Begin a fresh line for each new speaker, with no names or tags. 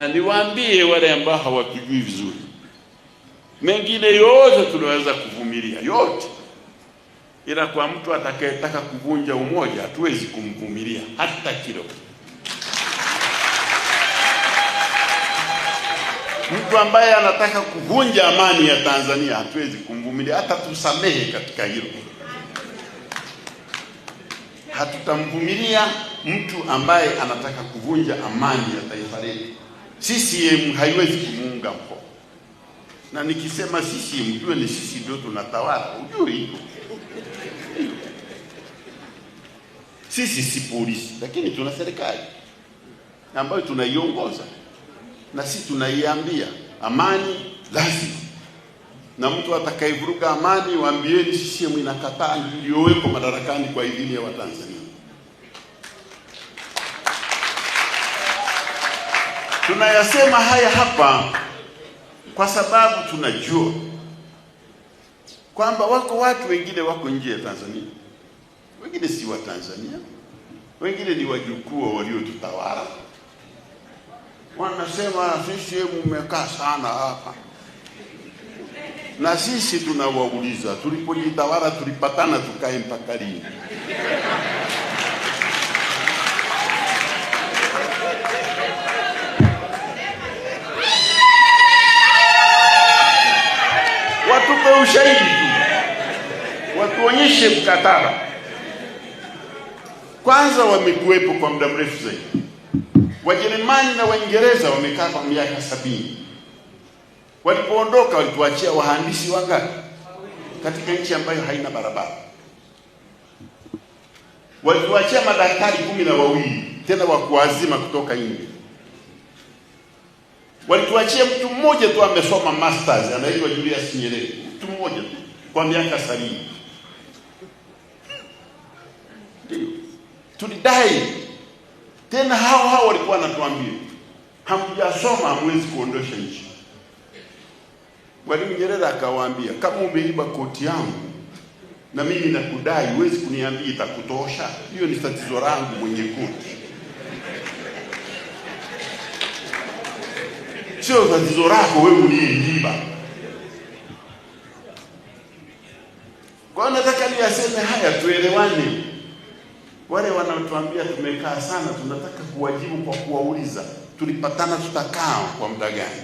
na niwaambie wale ambao hawakijui vizuri, mengine yote tunaweza kuvumilia yote, ila kwa mtu atakayetaka kuvunja umoja hatuwezi kumvumilia hata kidogo. Mtu ambaye anataka kuvunja amani ya Tanzania hatuwezi kumvumilia hata tusamehe katika hilo. Hatutamvumilia mtu ambaye anataka kuvunja amani ya taifa letu. CCM haiwezi kumuunga mkono, na nikisema CCM jue ni sisi ndio tunatawala, ujue hivyo. Sisi si polisi, lakini tuna serikali ambayo tunaiongoza na sisi tunaiambia amani lazima, na mtu atakayevuruga amani waambieni CCM inakataa, iliyowekwa madarakani kwa idhini ya Watanzania. Tunayasema haya hapa kwa sababu tunajua kwamba wako watu wengine wako nje ya Tanzania, wengine si wa Tanzania, wengine ni wajukuu waliotutawala. Wanasema sisi mmekaa sana hapa, na sisi tunawauliza tulipojitawala tulipatana tukae mpaka lini? waishe mkataba. Kwanza wamekuwepo kwa muda mrefu zaidi. Wajerumani na Waingereza wamekaa kwa miaka sabini. Walipoondoka walituachia wahandisi wangapi katika nchi ambayo haina barabara? Walituachia madaktari kumi na wawili tena wa kuazima kutoka India. Walituachia mtu mmoja tu amesoma masters, anaitwa Julius Nyerere, mtu mmoja tu kwa miaka sabini. tulidai tena, hao hao walikuwa wanatuambia hamjasoma, hamwezi kuondosha nchi. Mwalimu Nyerere akawaambia, kama umeiba koti yangu na mimi nakudai, huwezi kuniambia itakutosha. Hiyo ni tatizo langu mwenye koti, sio tatizo lako wewe uliyeiba. Kwa nataka niyaseme haya, tuelewane wale wanaotuambia tumekaa sana, tunataka kuwajibu kwa kuwauliza tulipatana, tutakaa kwa muda gani?